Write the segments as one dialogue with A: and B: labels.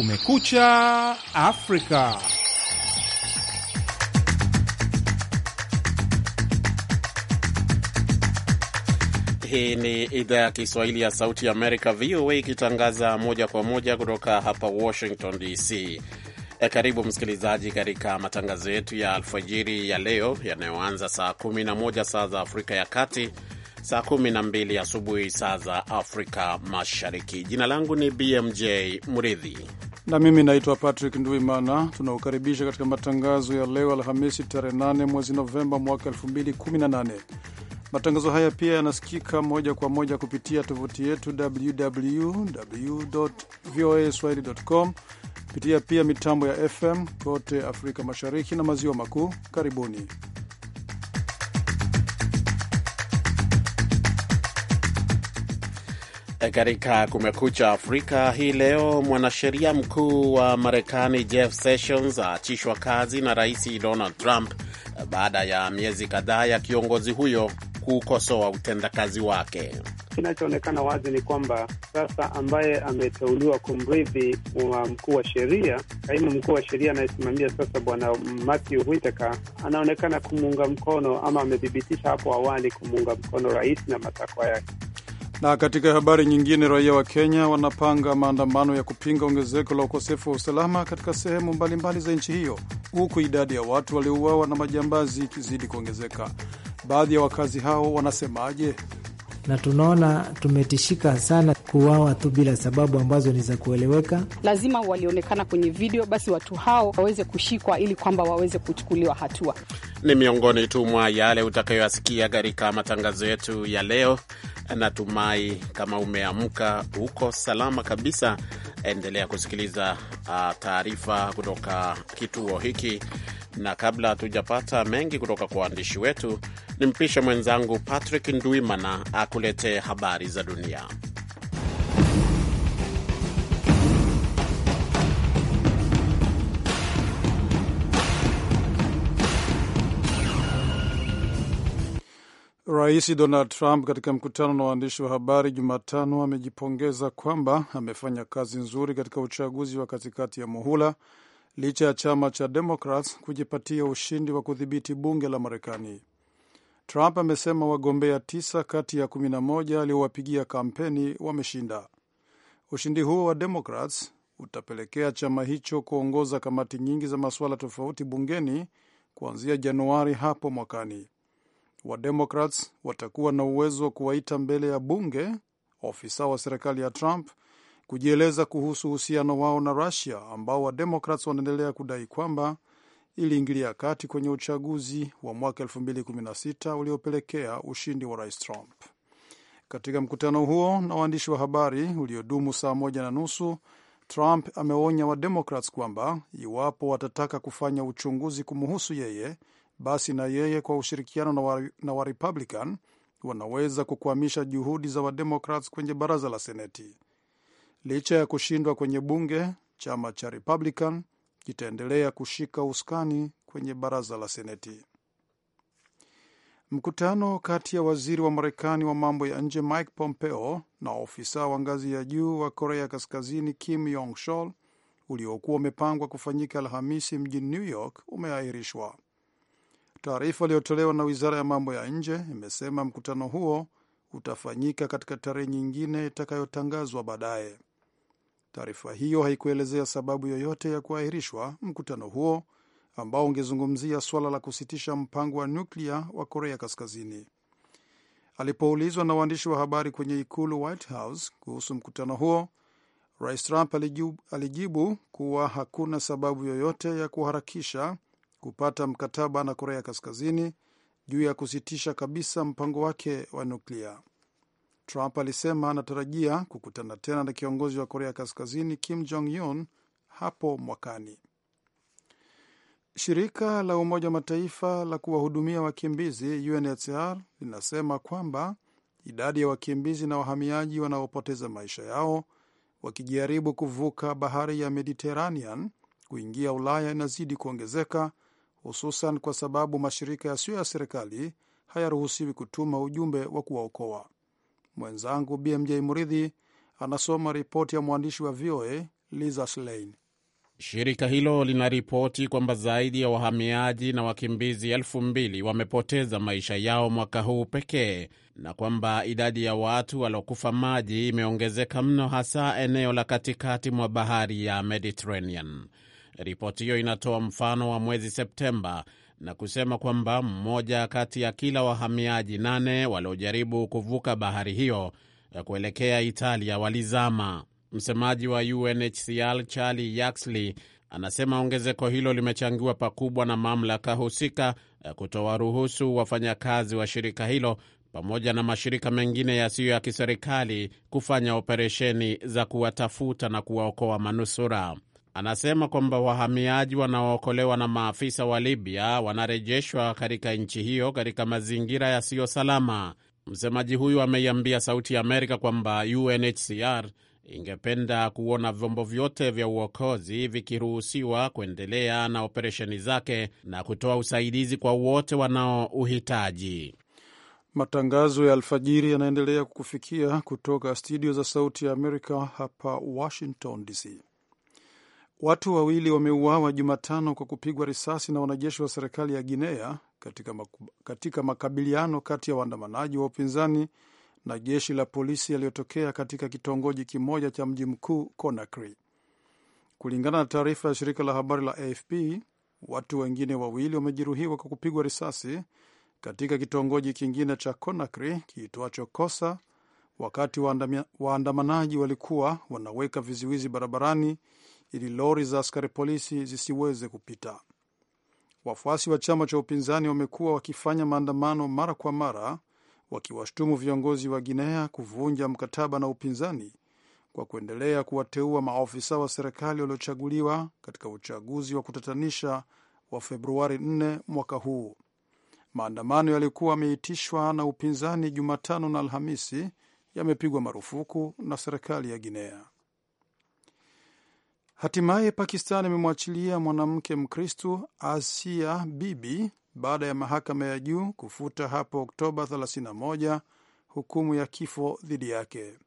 A: Kumekucha Afrika. Hii ni idhaa ya Kiswahili ya Sauti ya Amerika, VOA, ikitangaza moja kwa moja kutoka hapa Washington DC. E, karibu msikilizaji katika matangazo yetu ya alfajiri ya leo yanayoanza saa 11 saa za Afrika ya Kati, saa 12 asubuhi saa za Afrika Mashariki. Jina langu ni BMJ Mridhi
B: na mimi naitwa Patrick Nduimana. Tunakukaribisha katika matangazo ya leo Alhamisi, tarehe 8 mwezi Novemba mwaka 2018. Matangazo haya pia yanasikika moja kwa moja kupitia tovuti yetu www voa swahili.com, kupitia pia mitambo ya FM kote Afrika Mashariki na Maziwa Makuu. Karibuni.
A: Katika Kumekucha Afrika hii leo, mwanasheria mkuu wa Marekani Jeff Sessions aachishwa kazi na Rais Donald Trump baada ya miezi kadhaa ya kiongozi huyo kukosoa utendakazi wake.
C: Kinachoonekana wazi ni kwamba sasa ambaye ameteuliwa kumrithi wa mkuu wa sheria, kaimu mkuu wa sheria anayesimamia sasa, bwana Matthew Whitaker, anaonekana kumuunga mkono ama amethibitisha hapo awali kumuunga mkono rais na matakwa yake.
B: Na katika habari nyingine, raia wa Kenya wanapanga maandamano ya kupinga ongezeko la ukosefu wa usalama katika sehemu mbalimbali mbali za nchi hiyo, huku idadi ya watu waliouawa na majambazi ikizidi kuongezeka. Baadhi ya wakazi hao wanasemaje?
D: na tunaona tumetishika sana kuwawa tu bila sababu ambazo ni za kueleweka. Lazima walionekana kwenye video, basi watu hao waweze kushikwa ili kwamba waweze kuchukuliwa hatua.
A: Ni miongoni tu mwa yale utakayoyasikia katika matangazo yetu ya leo. Natumai kama umeamka huko salama kabisa. Endelea kusikiliza uh, taarifa kutoka kituo hiki, na kabla hatujapata mengi kutoka kwa waandishi wetu nimpishe mwenzangu Patrick Ndwimana akuletee habari za dunia.
B: Rais Donald Trump katika mkutano na waandishi wa habari Jumatano amejipongeza kwamba amefanya kazi nzuri katika uchaguzi wa katikati ya muhula licha ya chama cha Democrats kujipatia ushindi wa kudhibiti bunge la Marekani. Trump amesema wagombea tisa kati ya 11 aliowapigia kampeni wameshinda. Ushindi huo wa Democrats utapelekea chama hicho kuongoza kamati nyingi za masuala tofauti bungeni kuanzia Januari hapo mwakani. Wademokrats watakuwa na uwezo wa kuwaita mbele ya bunge ofisa wa serikali ya Trump kujieleza kuhusu uhusiano wao na Rusia ambao Wademokrats wanaendelea kudai kwamba iliingilia kati kwenye uchaguzi wa mwaka 2016 uliopelekea ushindi wa rais Trump. Katika mkutano huo na waandishi wa habari uliodumu saa moja na nusu, Trump amewaonya wademokrat kwamba iwapo watataka kufanya uchunguzi kumuhusu yeye, basi na yeye kwa ushirikiano na Warepublican wanaweza kukwamisha juhudi za wademokrat kwenye baraza la Seneti. Licha ya kushindwa kwenye bunge, chama cha Republican itaendelea kushika usukani kwenye baraza la Seneti. Mkutano kati ya waziri wa Marekani wa mambo ya nje Mike Pompeo na ofisa wa ngazi ya juu wa Korea Kaskazini Kim Yong Shol uliokuwa umepangwa kufanyika Alhamisi mjini New York umeahirishwa. Taarifa iliyotolewa na wizara ya mambo ya nje imesema mkutano huo utafanyika katika tarehe nyingine itakayotangazwa baadaye. Taarifa hiyo haikuelezea sababu yoyote ya kuahirishwa mkutano huo ambao ungezungumzia suala la kusitisha mpango wa nyuklia wa Korea Kaskazini. Alipoulizwa na waandishi wa habari kwenye ikulu White House kuhusu mkutano huo, Rais Trump alijibu, alijibu kuwa hakuna sababu yoyote ya kuharakisha kupata mkataba na Korea Kaskazini juu ya kusitisha kabisa mpango wake wa nuklia. Trump alisema anatarajia kukutana tena na kiongozi wa Korea Kaskazini Kim Jong Un hapo mwakani. Shirika la Umoja wa Mataifa la kuwahudumia wakimbizi UNHCR linasema kwamba idadi ya wakimbizi na wahamiaji wanaopoteza maisha yao wakijaribu kuvuka bahari ya Mediterranean kuingia Ulaya inazidi kuongezeka, hususan kwa sababu mashirika yasiyo ya serikali hayaruhusiwi kutuma ujumbe wa kuwaokoa. Mwenzangu BMJ Mridhi anasoma ripoti ya mwandishi wa VOA Liza Schlein.
A: Shirika hilo linaripoti kwamba zaidi ya wahamiaji na wakimbizi elfu mbili wamepoteza maisha yao mwaka huu pekee na kwamba idadi ya watu waliokufa maji imeongezeka mno, hasa eneo la katikati mwa bahari ya Mediterranean. Ripoti hiyo inatoa mfano wa mwezi Septemba na kusema kwamba mmoja kati ya kila wahamiaji nane waliojaribu kuvuka bahari hiyo ya eh, kuelekea Italia walizama. Msemaji wa UNHCR Charlie Yaxley anasema ongezeko hilo limechangiwa pakubwa na mamlaka husika eh, kutowaruhusu wafanyakazi wa shirika hilo pamoja na mashirika mengine yasiyo ya kiserikali kufanya operesheni za kuwatafuta na kuwaokoa manusura. Anasema kwamba wahamiaji wanaookolewa na maafisa wa Libya wanarejeshwa katika nchi hiyo katika mazingira yasiyo salama. Msemaji huyu ameiambia Sauti ya Amerika kwamba UNHCR ingependa kuona vyombo vyote vya uokozi vikiruhusiwa kuendelea na operesheni zake na kutoa usaidizi kwa wote
B: wanaouhitaji. Matangazo ya alfajiri yanaendelea kukufikia kutoka studio za Sauti ya Amerika hapa Washington DC. Watu wawili wameuawa Jumatano kwa kupigwa risasi na wanajeshi wa serikali ya Guinea katika, katika makabiliano kati ya waandamanaji wa upinzani na jeshi la polisi yaliyotokea katika kitongoji kimoja cha mji mkuu Conakry. Kulingana na taarifa ya shirika la habari la AFP, watu wengine wawili wamejeruhiwa kwa kupigwa risasi katika kitongoji kingine cha Conakry kiitwacho Kosa wakati waandamanaji walikuwa wanaweka vizuizi barabarani ili lori za askari polisi zisiweze kupita. Wafuasi wa chama cha upinzani wamekuwa wakifanya maandamano mara kwa mara wakiwashtumu viongozi wa Guinea kuvunja mkataba na upinzani kwa kuendelea kuwateua maofisa wa serikali waliochaguliwa katika uchaguzi wa kutatanisha wa Februari 4 mwaka huu. Maandamano yaliyokuwa yameitishwa na upinzani Jumatano na Alhamisi yamepigwa marufuku na serikali ya Guinea. Hatimaye Pakistan imemwachilia mwanamke Mkristu Asia Bibi baada ya mahakama ya juu kufuta hapo Oktoba 31 hukumu ya kifo dhidi yake.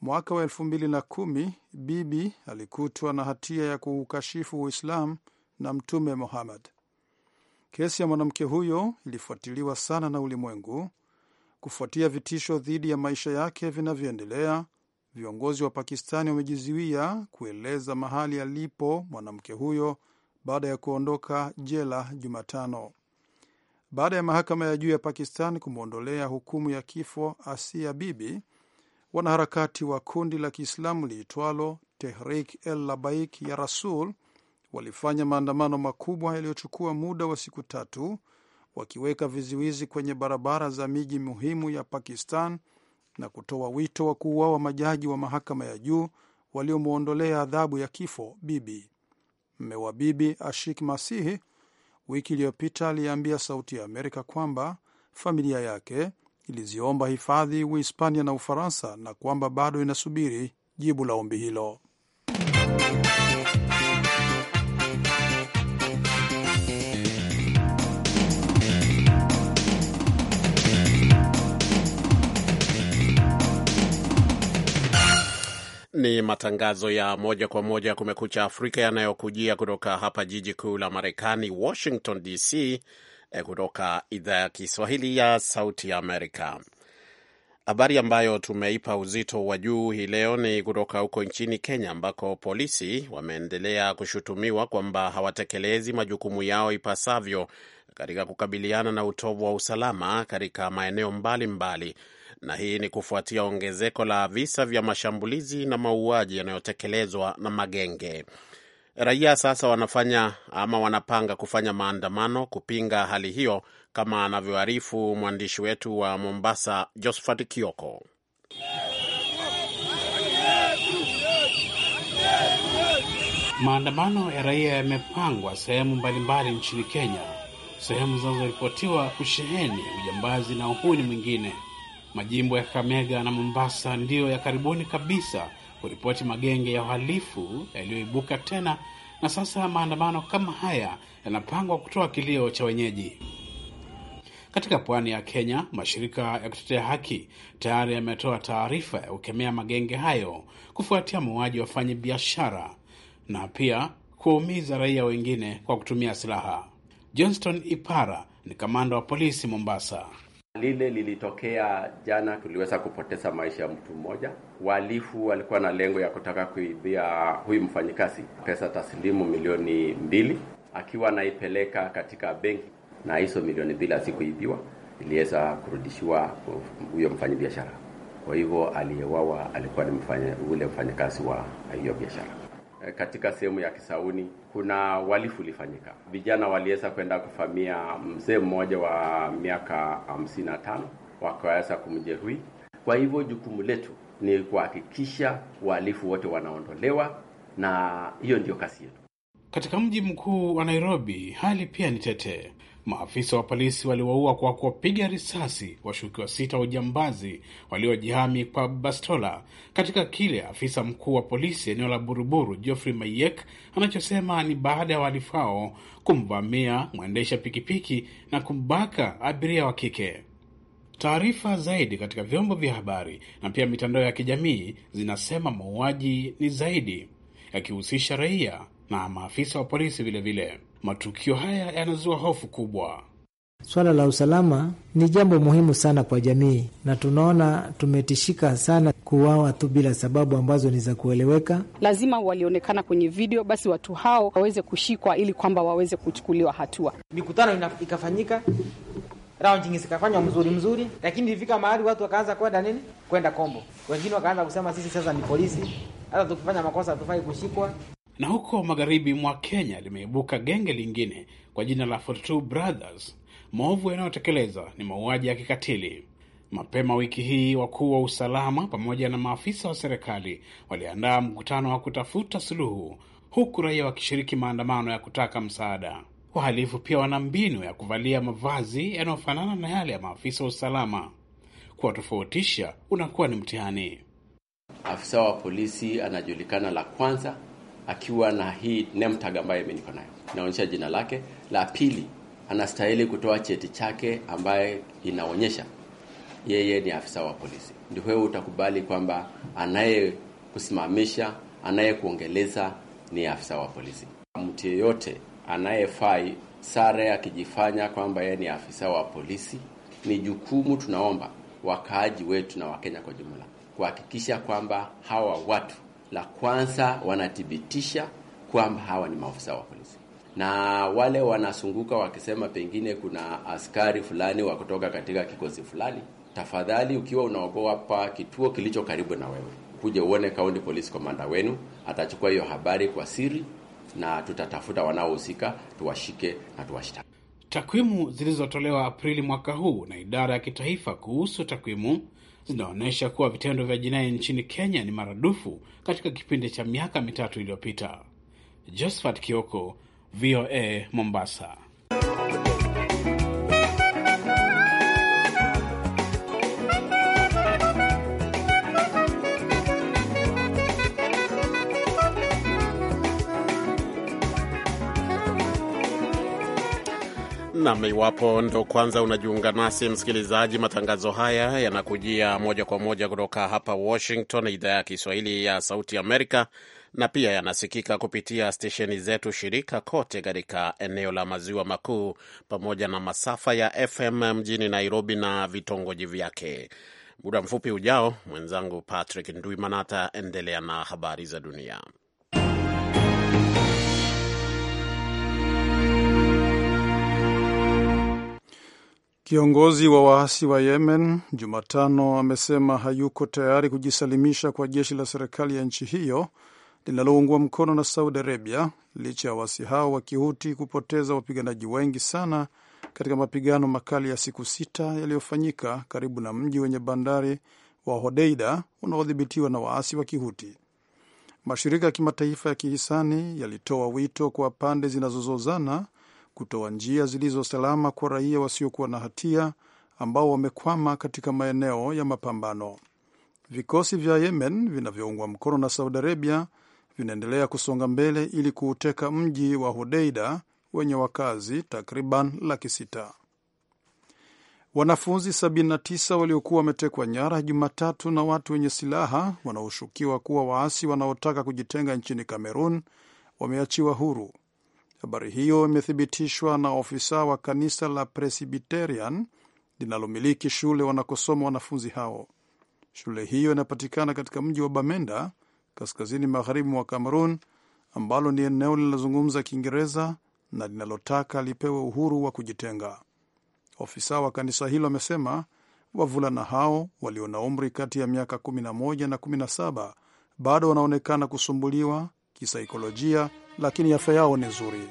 B: Mwaka wa 2010 Bibi alikutwa na hatia ya kuukashifu Uislamu na Mtume Muhammad. Kesi ya mwanamke huyo ilifuatiliwa sana na ulimwengu kufuatia vitisho dhidi ya maisha yake vinavyoendelea Viongozi wa Pakistani wamejizuia kueleza mahali alipo mwanamke huyo baada ya kuondoka jela Jumatano, baada ya mahakama ya juu ya Pakistan kumwondolea hukumu ya kifo Asia Bibi. Wanaharakati wa kundi la Kiislamu liitwalo Tehrik el Labaik ya Rasul walifanya maandamano makubwa yaliyochukua muda wa siku tatu, wakiweka vizuizi kwenye barabara za miji muhimu ya Pakistan na kutoa wito wa kuuawa majaji wa mahakama ya juu waliomwondolea adhabu ya kifo Bibi. Mme wa Bibi, Ashik Masihi, wiki iliyopita aliyeambia Sauti ya Amerika kwamba familia yake iliziomba hifadhi Uhispania na Ufaransa na kwamba bado inasubiri jibu la ombi hilo.
A: Ni matangazo ya moja kwa moja Kumekucha Afrika yanayokujia kutoka hapa jiji kuu la Marekani, Washington DC, eh, kutoka idhaa ya Kiswahili ya Sauti Amerika. Habari ambayo tumeipa uzito wa juu hii leo ni kutoka huko nchini Kenya, ambako polisi wameendelea kushutumiwa kwamba hawatekelezi majukumu yao ipasavyo katika kukabiliana na utovu wa usalama katika maeneo mbalimbali mbali na hii ni kufuatia ongezeko la visa vya mashambulizi na mauaji yanayotekelezwa na magenge. Raia sasa wanafanya ama wanapanga kufanya maandamano kupinga hali hiyo, kama anavyoarifu mwandishi wetu wa Mombasa, Josephat Kioko.
E: Maandamano ya raia yamepangwa sehemu mbalimbali nchini Kenya, sehemu zinazoripotiwa kusheheni ujambazi na uhuni mwingine. Majimbo ya Kakamega na Mombasa ndiyo ya karibuni kabisa kuripoti magenge ya uhalifu yaliyoibuka tena, na sasa maandamano kama haya yanapangwa kutoa kilio cha wenyeji. Katika pwani ya Kenya, mashirika ya kutetea haki tayari yametoa taarifa ya kukemea magenge hayo kufuatia mauaji wafanya biashara na pia kuwaumiza raia wengine kwa kutumia silaha. Johnston Ipara ni kamanda wa polisi Mombasa.
F: Lile lilitokea jana, tuliweza kupoteza maisha ya mtu mmoja. Walifu walikuwa na lengo ya kutaka kuibia huyu mfanyikazi pesa taslimu milioni mbili, akiwa anaipeleka katika benki, na hizo milioni mbili hazikuibiwa, iliweza kurudishiwa huyo mfanyabiashara. Kwa hivyo aliyewawa alikuwa ni mfanya, ule mfanyakazi wa hiyo biashara. Eh, katika sehemu ya Kisauni kuna uhalifu ulifanyika. Vijana waliweza kwenda kuvamia mzee mmoja wa miaka 55 wakaweza kumjeruhi. Kwa hivyo jukumu letu ni kuhakikisha wahalifu wote wanaondolewa, na hiyo ndiyo kazi yetu.
E: Katika mji mkuu wa Nairobi hali pia ni tete. Maafisa wa polisi waliwaua kwa kuwapiga risasi washukiwa sita wa ujambazi waliojihami kwa bastola katika kile afisa mkuu wa polisi eneo la Buruburu Geoffrey Mayek anachosema ni baada ya wahalifu hao kumvamia mwendesha pikipiki na kumbaka abiria wa kike. Taarifa zaidi katika vyombo vya habari na pia mitandao ya kijamii zinasema mauaji ni zaidi yakihusisha raia na maafisa wa polisi vilevile vile. Matukio haya yanazua hofu kubwa.
D: Swala la usalama ni jambo muhimu sana kwa jamii, na tunaona tumetishika sana kuwawa tu bila sababu ambazo ni za kueleweka. Lazima walionekana kwenye video, basi watu hao waweze kushikwa ili kwamba waweze kuchukuliwa hatua. Mikutano ikafanyika, raundi zikafanywa mzuri mzuri, lakini ilifika mahali watu wakaanza kwenda nini, kwenda kombo. Wengine wakaanza kusema sisi sasa ni polisi, hata tukifanya makosa hatufai kushikwa. Na
E: huko magharibi mwa Kenya limeibuka genge lingine kwa jina la 42 Brothers. Maovu yanayotekeleza ni mauaji ya kikatili. Mapema wiki hii wakuu wa usalama pamoja na maafisa wa serikali waliandaa mkutano wa kutafuta suluhu, huku raia wakishiriki maandamano ya kutaka msaada. Wahalifu pia wana mbinu ya kuvalia mavazi yanayofanana na yale ya
F: maafisa wa usalama. Kuwatofautisha unakuwa ni mtihani. Afisa wa polisi anajulikana la kwanza akiwa na hii name tag ambayo mimi niko nayo, inaonyesha jina lake. La pili, anastahili kutoa cheti chake ambaye inaonyesha yeye ni afisa wa polisi. Ndio wewe utakubali kwamba anayekusimamisha, anayekuongeleza ni afisa wa polisi. Mtu yeyote anayefai sare akijifanya kwamba yeye ni afisa wa polisi, ni jukumu tunaomba wakaaji wetu na Wakenya kwa jumla kuhakikisha kwamba hawa watu la kwanza wanathibitisha kwamba hawa ni maafisa wa polisi, na wale wanasunguka wakisema pengine kuna askari fulani wa kutoka katika kikosi fulani, tafadhali, ukiwa unaogopa kituo kilicho karibu na wewe, kuja uone kaunti polisi komanda wenu, atachukua hiyo habari kwa siri, na tutatafuta wanaohusika, tuwashike na tuwashtaki. Takwimu
E: zilizotolewa Aprili mwaka huu na idara ya kitaifa kuhusu takwimu zinaonyesha kuwa vitendo vya jinai nchini Kenya ni maradufu katika kipindi cha miaka mitatu iliyopita. Josephat Kioko, VOA, Mombasa.
A: Nam, iwapo ndo kwanza unajiunga nasi msikilizaji, matangazo haya yanakujia moja kwa moja kutoka hapa Washington, idhaa ya Kiswahili ya Sauti Amerika, na pia yanasikika kupitia stesheni zetu shirika kote katika eneo la maziwa makuu pamoja na masafa ya FM mjini Nairobi na vitongoji vyake. Muda mfupi ujao, mwenzangu Patrick Ndwimana ataendelea na habari za dunia.
B: Kiongozi wa waasi wa Yemen Jumatano amesema hayuko tayari kujisalimisha kwa jeshi la serikali ya nchi hiyo linaloungwa mkono na Saudi Arabia, licha ya waasi hao wa kihuti kupoteza wapiganaji wengi sana katika mapigano makali ya siku sita yaliyofanyika karibu na mji wenye bandari wa Hodeida unaodhibitiwa na waasi wa kihuti. Mashirika ya kimataifa ya kihisani yalitoa wito kwa pande zinazozozana kutoa njia zilizo salama kwa raia wasiokuwa na hatia ambao wamekwama katika maeneo ya mapambano. Vikosi vya Yemen vinavyoungwa mkono na Saudi Arabia vinaendelea kusonga mbele ili kuuteka mji wa Hodeida wenye wakazi takriban laki sita. Wanafunzi 79 waliokuwa wametekwa nyara Jumatatu na watu wenye silaha wanaoshukiwa kuwa waasi wanaotaka kujitenga nchini Kamerun wameachiwa huru. Habari hiyo imethibitishwa na ofisa wa kanisa la Presbyterian linalomiliki shule wanakosoma wanafunzi hao. Shule hiyo inapatikana katika mji wa Bamenda, kaskazini magharibi mwa cameron ambalo ni eneo linalozungumza Kiingereza na linalotaka lipewe uhuru wa kujitenga. Ofisa wa kanisa hilo amesema wavulana hao walio na umri kati ya miaka 11 na 17 bado wanaonekana kusumbuliwa kisaikolojia, lakini afya yao ni nzuri.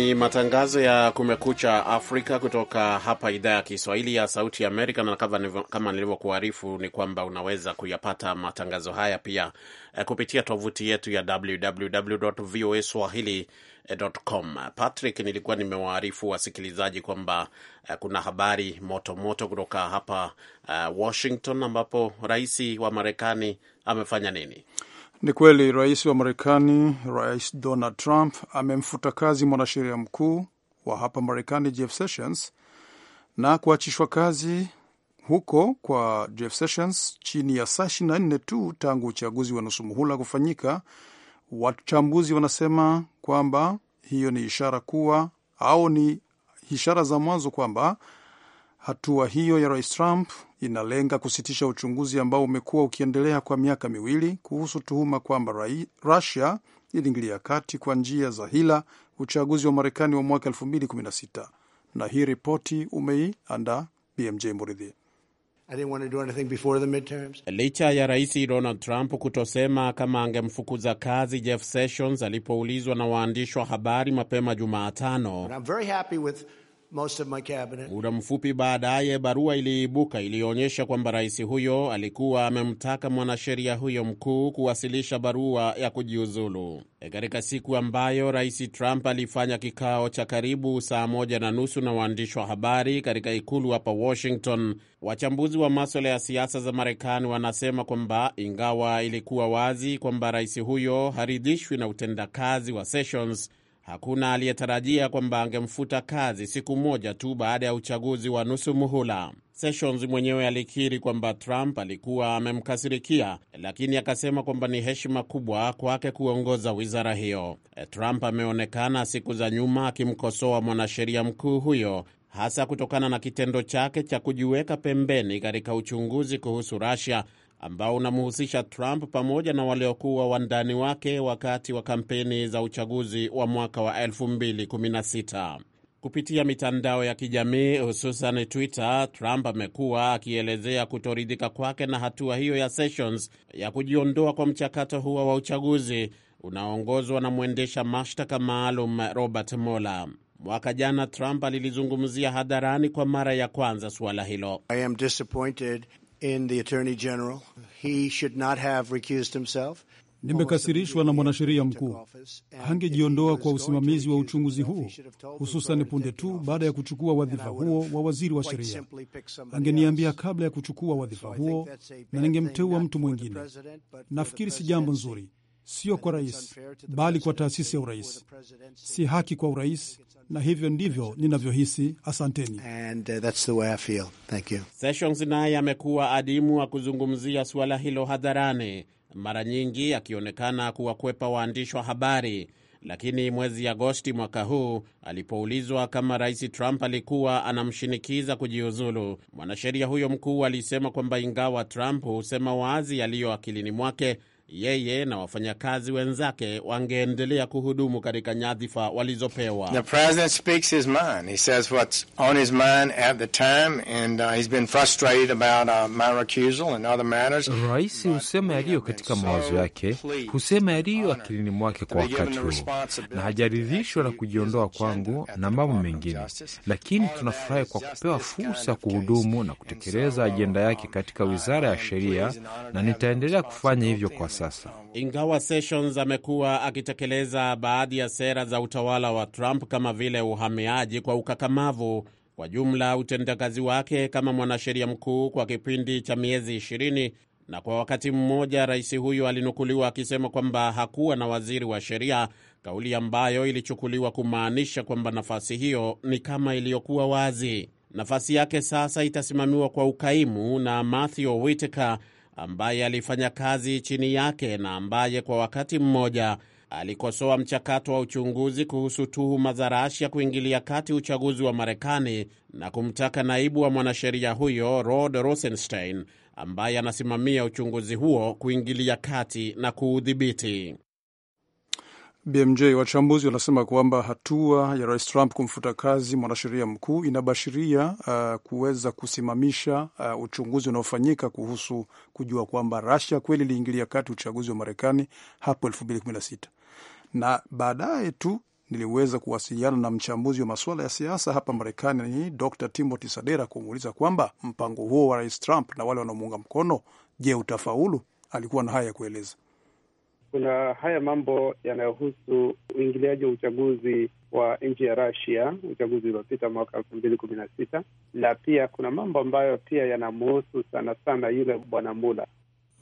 A: ni matangazo ya Kumekucha Afrika kutoka hapa idhaa ya Kiswahili ya Sauti Amerika, na kama nilivyokuarifu ni kwamba unaweza kuyapata matangazo haya pia eh, kupitia tovuti yetu ya www.voaswahili.com. Patrick, nilikuwa nimewaarifu wasikilizaji kwamba eh, kuna habari motomoto moto kutoka hapa eh, Washington, ambapo rais wa Marekani amefanya nini?
B: Ni kweli rais wa Marekani, Rais Donald Trump amemfuta kazi mwanasheria mkuu wa hapa Marekani Jeff Sessions na kuachishwa kazi huko kwa Jeff Sessions chini ya saa 24 tu tangu uchaguzi wa nusu muhula kufanyika. Wachambuzi wanasema kwamba hiyo ni ishara kuwa au ni ishara za mwanzo kwamba Hatua hiyo ya rais Trump inalenga kusitisha uchunguzi ambao umekuwa ukiendelea kwa miaka miwili kuhusu tuhuma kwamba Rusia iliingilia kati kwa njia za hila uchaguzi wa Marekani wa mwaka 2016. Na hii ripoti umeiandaa BMJ Muridhi.
A: Licha ya rais Donald Trump kutosema kama angemfukuza kazi Jeff Sessions alipoulizwa na waandishi wa habari mapema Jumatano,
C: most of my cabinet. Muda
A: mfupi baadaye barua iliibuka iliyoonyesha kwamba rais huyo alikuwa amemtaka mwanasheria huyo mkuu kuwasilisha barua ya kujiuzulu. E, katika siku ambayo rais Trump alifanya kikao cha karibu saa moja na nusu na waandishi wa habari katika ikulu hapa Washington, wachambuzi wa maswala ya siasa za Marekani wanasema kwamba ingawa ilikuwa wazi kwamba rais huyo haridhishwi na utendakazi wa Sessions Hakuna aliyetarajia kwamba angemfuta kazi siku moja tu baada ya uchaguzi wa nusu muhula. Sessions mwenyewe alikiri kwamba Trump alikuwa amemkasirikia, lakini akasema kwamba ni heshima kubwa kwake kuongoza wizara hiyo. Trump ameonekana siku za nyuma akimkosoa mwanasheria mkuu huyo hasa kutokana na kitendo chake cha kujiweka pembeni katika uchunguzi kuhusu Russia ambao unamhusisha Trump pamoja na waliokuwa wandani wake wakati wa kampeni za uchaguzi wa mwaka wa 2016. Kupitia mitandao ya kijamii hususan Twitter, Trump amekuwa akielezea kutoridhika kwake na hatua hiyo ya Sessions ya kujiondoa kwa mchakato huo wa uchaguzi unaoongozwa na mwendesha mashtaka maalum Robert Mueller. Mwaka jana Trump alilizungumzia hadharani kwa mara ya kwanza suala hilo.
C: I am disappointed in the Attorney General. He should not have recused himself.
B: Nimekasirishwa na mwanasheria mkuu, hangejiondoa kwa usimamizi wa uchunguzi huu, hususan punde tu baada ya kuchukua wadhifa huo wa waziri wa sheria. Angeniambia kabla ya kuchukua wadhifa huo, na ningemteua mtu mwingine. Nafikiri si jambo nzuri, sio kwa rais, bali kwa taasisi ya urais. Si haki kwa urais na hivyo ndivyo ninavyohisi. Asanteni. And, uh, that's the way I feel. Thank you.
A: Sessions naye amekuwa adimu wa kuzungumzia suala hilo hadharani, mara nyingi akionekana kuwakwepa waandishi wa habari lakini mwezi Agosti mwaka huu alipoulizwa kama rais Trump alikuwa anamshinikiza kujiuzulu, mwanasheria huyo mkuu alisema kwamba ingawa Trump husema wazi yaliyo akilini mwake, yeye na wafanyakazi wenzake wangeendelea kuhudumu katika nyadhifa walizopewa. The
F: president
E: speaks his mind. He says what's on his mind at the time and uh, he's been frustrated about uh, my recusal and other matters. Rais husema yaliyo katika mawazo yake, husema yaliyo akilini mwake kwa wakati huo, na hajaridhishwa na kujiondoa kwangu na mambo mengine, lakini tunafurahi kwa kupewa fursa ya kuhudumu na kutekeleza ajenda yake katika wizara ya sheria, na nitaendelea kufanya hivyo kwa sasa.
A: Ingawa Sessions amekuwa akitekeleza baadhi ya sera za utawala wa Trump kama vile uhamiaji kwa ukakamavu, kwa jumla utendakazi wake kama mwanasheria mkuu kwa kipindi cha miezi 20 na kwa wakati mmoja rais huyo alinukuliwa akisema kwamba hakuwa na waziri wa sheria, kauli ambayo ilichukuliwa kumaanisha kwamba nafasi hiyo ni kama iliyokuwa wazi. Nafasi yake sasa itasimamiwa kwa ukaimu na Matthew Whitaker ambaye alifanya kazi chini yake na ambaye kwa wakati mmoja alikosoa mchakato wa uchunguzi kuhusu tuhuma za Rasia kuingilia kati uchaguzi wa Marekani na kumtaka naibu wa mwanasheria huyo Rod Rosenstein ambaye anasimamia uchunguzi huo kuingilia kati na kuudhibiti.
B: BMJ, wachambuzi wanasema kwamba hatua ya Rais Trump kumfuta kazi mwanasheria mkuu inabashiria uh, kuweza kusimamisha uh, uchunguzi unaofanyika kuhusu kujua kwamba rasia kweli iliingilia kati uchaguzi wa Marekani hapo kumi na baadaye tu niliweza kuwasiliana na mchambuzi wa masuala ya siasa hapa Marekani, Dr Timothy Sadera, kumuuliza kwamba mpango huo wa Rais Trump na wale wanaomuunga mkono, je, utafaulu? Alikuwa na haya ya kueleza
C: kuna haya mambo yanayohusu uingiliaji wa uchaguzi wa nchi ya Rasia, uchaguzi uliopita mwaka elfu mbili kumi na sita, na pia kuna mambo ambayo pia yanamuhusu sana sana yule bwana Mula,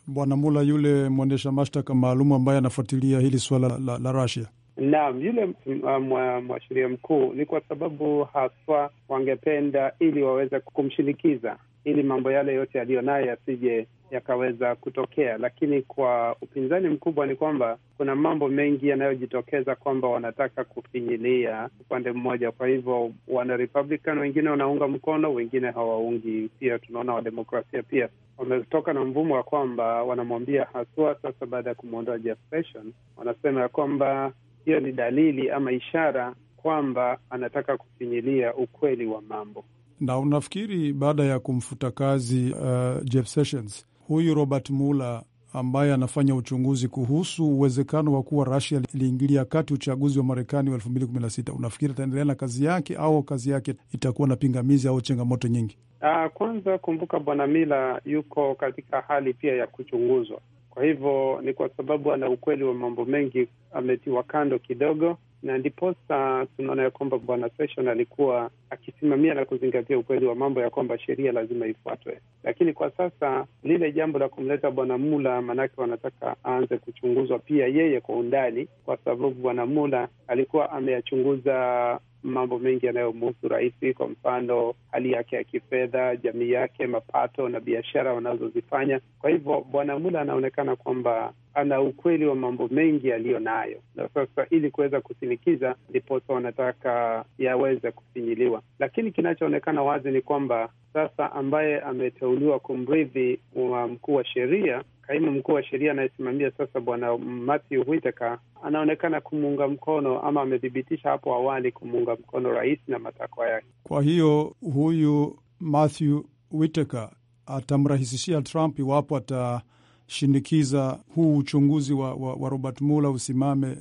B: bwana Mula, yule mwendesha mashtaka maalumu ambaye anafuatilia hili suala la, la, la Rasia.
C: Naam, yule uh, mwashiria mkuu ni kwa sababu haswa wangependa ili waweze kumshinikiza ili mambo yale yote yaliyo nayo yasije yakaweza kutokea. Lakini kwa upinzani mkubwa ni kwamba kuna mambo mengi yanayojitokeza kwamba wanataka kufinyilia upande mmoja. Kwa hivyo wana Republican wengine wanaunga mkono, wengine hawaungi. Pia tunaona wademokrasia pia wametoka na mvumo wa kwamba wanamwambia haswa, sasa baada ya kumwondoa Jeff Sessions, wanasema ya kwamba hiyo ni dalili ama ishara kwamba anataka kufinyilia ukweli wa mambo.
B: Na unafikiri baada ya kumfuta kazi uh, Jeff Sessions, huyu Robert Mueller ambaye anafanya uchunguzi kuhusu uwezekano wa kuwa Russia iliingilia kati uchaguzi wa Marekani wa elfu kumi na sita unafikiri ataendelea na kazi yake au kazi yake itakuwa na pingamizi au changamoto nyingi?
C: Uh, kwanza kumbuka, bwana Mila yuko katika hali pia ya kuchunguzwa, kwa hivyo ni kwa sababu ana ukweli wa mambo mengi ametiwa kando kidogo, na ndiposa tunaona ya kwamba Bwana Sessions alikuwa akisimamia na kuzingatia ukweli wa mambo ya kwamba sheria lazima ifuatwe, lakini kwa sasa lile jambo la kumleta Bwana Mula, maanake wanataka aanze kuchunguzwa pia yeye kwa undani, kwa sababu Bwana Mula alikuwa ameyachunguza mambo mengi yanayomhusu rais, kwa mfano hali yake ya kifedha, jamii yake, mapato na biashara wanazozifanya. Kwa hivyo Bwana Mula anaonekana kwamba ana ukweli wa mambo mengi yaliyo nayo, na sasa ili kuweza kusinikiza, ndiposa wanataka yaweze kufinyiliwa. Lakini kinachoonekana wazi ni kwamba sasa ambaye ameteuliwa kumrithi wa mkuu wa sheria kaimu mkuu wa sheria anayesimamia sasa Bwana Matthew Whitaker anaonekana kumuunga mkono ama amethibitisha hapo awali kumuunga mkono rais na matakwa yake.
B: Kwa hiyo huyu Matthew Whitaker atamrahisishia Trump iwapo ata shinikiza huu uchunguzi wa, wa, wa Robert Mueller usimame,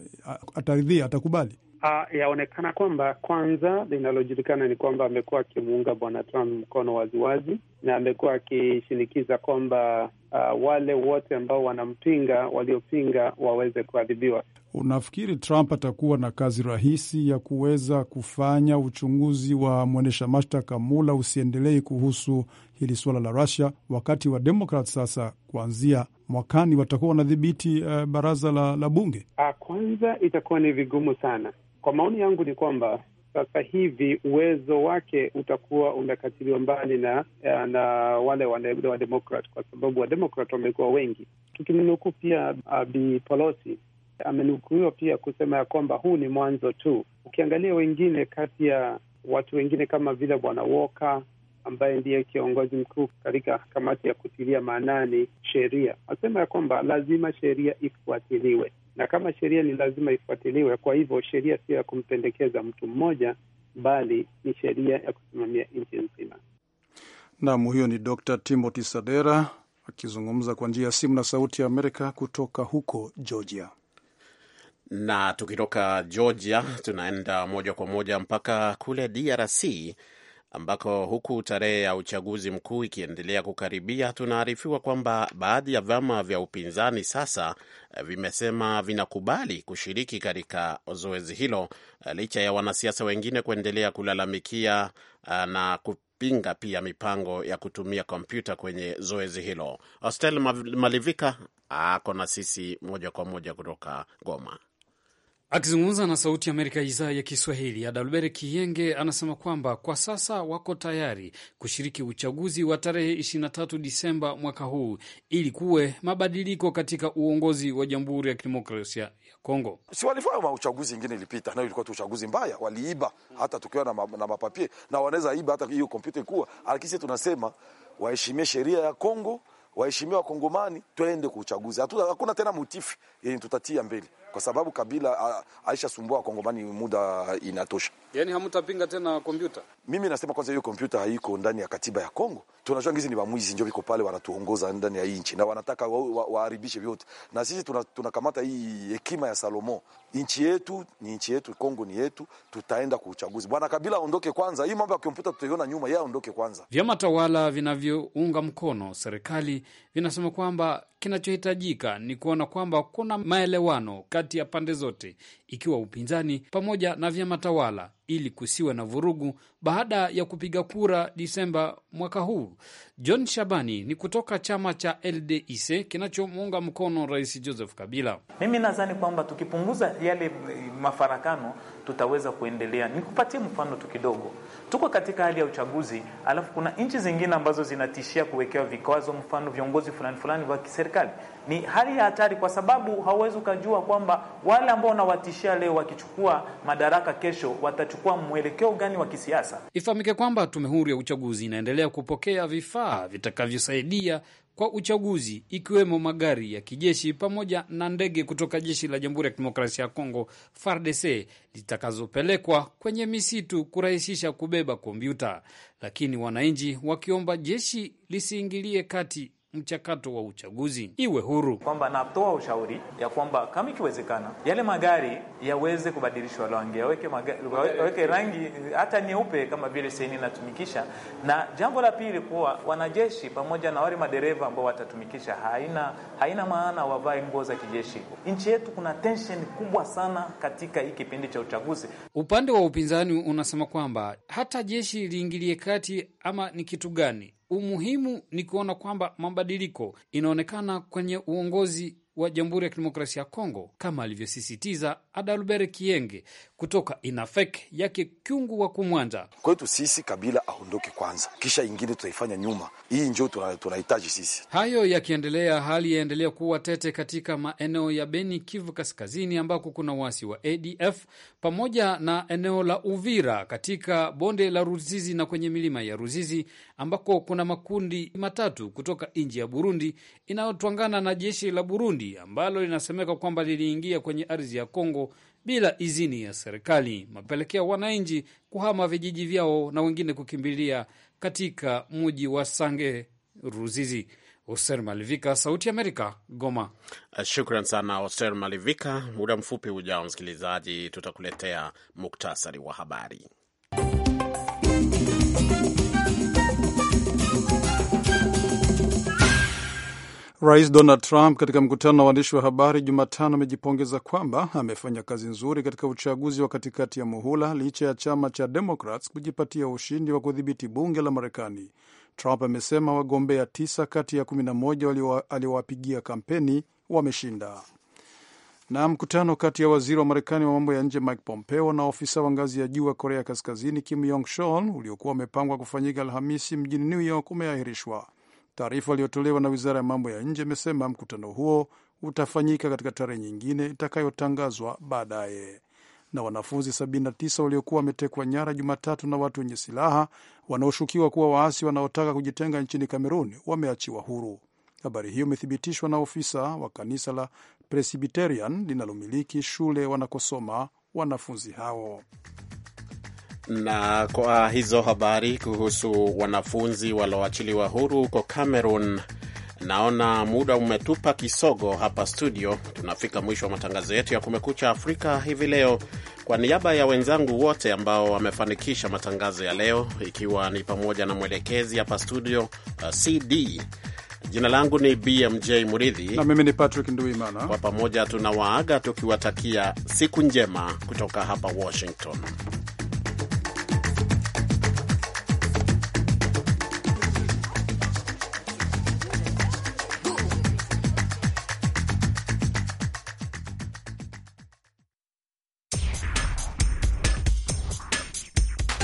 B: ataridhia, atakubali?
C: Ah, yaonekana kwamba kwanza linalojulikana ni kwamba amekuwa akimuunga bwana Trump mkono waziwazi wazi na amekuwa akishinikiza kwamba uh, wale wote ambao wanampinga waliopinga waweze kuadhibiwa.
B: Unafikiri Trump atakuwa na kazi rahisi ya kuweza kufanya uchunguzi wa mwendesha mashtaka Mula usiendelei kuhusu hili suala la Russia, wakati wa Demokrat sasa kuanzia mwakani watakuwa wanadhibiti uh, baraza la, la bunge?
C: Uh, kwanza itakuwa ni vigumu sana. Kwa maoni yangu ni kwamba sasa hivi uwezo wake utakuwa umekatiliwa mbali na na wale wademokrat, kwa sababu wademokrat wamekuwa wengi. Tukimnukuu pia uh, Bi Pelosi amenukuliwa pia kusema ya kwamba huu ni mwanzo tu. Ukiangalia wengine kati ya watu wengine kama vile bwana Walker ambaye ndiye kiongozi mkuu katika kamati ya kutilia maanani sheria, asema ya kwamba lazima sheria ifuatiliwe na kama sheria ni lazima ifuatiliwe. Kwa hivyo sheria sio ya kumpendekeza mtu mmoja, bali ni sheria ya kusimamia nchi nzima.
B: Nam, huyo ni Dr Timothy Sadera akizungumza kwa njia ya simu na Sauti ya Amerika kutoka huko Georgia.
A: Na tukitoka Georgia tunaenda moja kwa moja mpaka kule DRC ambako huku tarehe ya uchaguzi mkuu ikiendelea kukaribia, tunaarifiwa kwamba baadhi ya vyama vya upinzani sasa eh, vimesema vinakubali kushiriki katika zoezi hilo eh, licha ya wanasiasa wengine kuendelea kulalamikia eh, na kupinga pia mipango ya kutumia kompyuta kwenye zoezi hilo. Hostel Malivika ako na sisi moja kwa moja kutoka
D: Goma. Akizungumza na Sauti ya Amerika idhaa ya Kiswahili, Adalbert Kiyenge anasema kwamba kwa sasa wako tayari kushiriki uchaguzi wa tarehe 23 Disemba mwaka huu ili kuwe mabadiliko katika uongozi wa Jamhuri ya Kidemokrasia
B: ya Kongo. Si walifanya uchaguzi ingine ilipita, nayo ilikuwa tu uchaguzi mbaya, waliiba hata tukiwa na, ma, na mapapie na wanaweza iba hata hiyo kompyuta ikuwa, lakini sisi tunasema waheshimie sheria ya Kongo, waheshimie Wakongomani, twende kwa uchaguzi. Hakuna tena mutifi yenye tutatia mbele kwa sababu Kabila aisha sumbua Wakongomani, muda inatosha.
D: Yani hamtapinga tena kompyuta?
B: Mimi nasema kwanza, hiyo kompyuta haiko ndani ya katiba ya Kongo. Tunajua ngizi ni wamwizi ndio viko pale wanatuongoza ndani ya nchi na wanataka waharibishe wa, wa vyote, na sisi tunakamata tuna hii hekima ya Salomo. Nchi yetu ni nchi yetu, Kongo ni yetu, tutaenda kwa uchaguzi. Bwana Kabila aondoke kwanza, hii mambo ya kompyuta tutaiona nyuma, yeye aondoke kwanza.
D: Vyama tawala vinavyounga mkono serikali vinasema kwamba kinachohitajika ni kuona kwamba kuna maelewano kati ya pande zote, ikiwa upinzani pamoja na vyama tawala, ili kusiwe na vurugu baada ya kupiga kura Disemba mwaka huu. John Shabani ni kutoka chama cha LDIC kinachomuunga mkono Rais Joseph Kabila. Mimi nadhani kwamba tukipunguza yale mafarakano tutaweza kuendelea. Nikupatie mfano tu
E: kidogo. Tuko katika hali ya uchaguzi, alafu kuna nchi zingine ambazo zinatishia kuwekewa vikwazo, mfano viongozi fulani fulani wa kiserikali. Ni hali ya hatari, kwa sababu hauwezi ukajua kwamba wale ambao wanawatishia leo wakichukua madaraka, kesho watachukua mwelekeo gani
D: wa kisiasa kisiasa. Ifahamike kwamba tume huru ya uchaguzi inaendelea kupokea vifaa vitakavyosaidia kwa uchaguzi ikiwemo magari ya kijeshi pamoja na ndege kutoka jeshi la Jamhuri ya Kidemokrasia ya Kongo FARDC zitakazopelekwa kwenye misitu kurahisisha kubeba kompyuta, lakini wananchi wakiomba jeshi lisiingilie kati mchakato wa uchaguzi iwe huru, kwamba natoa ushauri ya kwamba kama
E: ikiwezekana yale magari yaweze kubadilishwa rangi, yaweke rangi hata nyeupe kama vile seheni inatumikisha. Na jambo la pili, kuwa wanajeshi pamoja na wale madereva ambao watatumikisha, haina haina maana wavae nguo za kijeshi. Nchi yetu kuna
D: tension kubwa sana katika hii kipindi cha uchaguzi. Upande wa upinzani unasema kwamba hata jeshi liingilie kati ama ni kitu gani Umuhimu ni kuona kwamba mabadiliko inaonekana kwenye uongozi wa Jamhuri ya Kidemokrasia ya Kongo, kama alivyosisitiza Adalbert Kienge kutoka Inafek yake Kyungu wa
B: Kumwanja. Kwetu sisi Kabila aondoke kwanza, kisha ingine tutaifanya nyuma. Hii njo tunahitaji sisi.
D: Hayo yakiendelea, hali yaendelea kuwa tete katika maeneo ya Beni, Kivu Kaskazini, ambako kuna wasi wa ADF pamoja na eneo la Uvira katika bonde la Ruzizi na kwenye milima ya Ruzizi, ambako kuna makundi matatu kutoka nji ya Burundi inayotwangana na jeshi la Burundi ambalo linasemeka kwamba liliingia kwenye ardhi ya Kongo bila idhini ya serikali, mapelekea wananchi kuhama vijiji vyao na wengine kukimbilia katika mji wa Sange Ruzizi. Hoser Malivika, Sauti Amerika, Goma. Shukran sana Hoser Malivika.
A: Muda mfupi ujao, msikilizaji, tutakuletea muktasari wa habari.
B: Rais Donald Trump katika mkutano na waandishi wa habari Jumatano amejipongeza kwamba amefanya kazi nzuri katika uchaguzi wa katikati ya muhula licha ya chama cha Democrats kujipatia ushindi wa kudhibiti bunge la Marekani. Trump amesema wagombea tisa kati ya kumi na moja aliowapigia kampeni wameshinda. Na mkutano kati ya waziri wa Marekani wa mambo ya nje Mike Pompeo na ofisa wa ngazi ya juu wa Korea Kaskazini Kim Yong Shon uliokuwa umepangwa kufanyika Alhamisi mjini New York umeahirishwa. Taarifa iliyotolewa na wizara ya mambo ya nje imesema mkutano huo utafanyika katika tarehe nyingine itakayotangazwa baadaye. Na wanafunzi 79 waliokuwa wametekwa nyara Jumatatu na watu wenye silaha wanaoshukiwa kuwa waasi wanaotaka kujitenga nchini Kamerun wameachiwa huru. Habari hiyo imethibitishwa na ofisa wa kanisa la Presbiterian linalomiliki shule wanakosoma wanafunzi hao.
A: Na kwa hizo habari kuhusu wanafunzi walioachiliwa huru huko Cameroon, naona muda umetupa kisogo hapa studio. Tunafika mwisho wa matangazo yetu ya Kumekucha Afrika hivi leo. Kwa niaba ya wenzangu wote ambao wamefanikisha matangazo ya leo, ikiwa ni pamoja na mwelekezi hapa studio uh, CD Jina langu ni BMJ Muridhi na mimi ni Patrick Nduimana. Kwa pamoja tunawaaga tukiwatakia siku njema kutoka hapa Washington.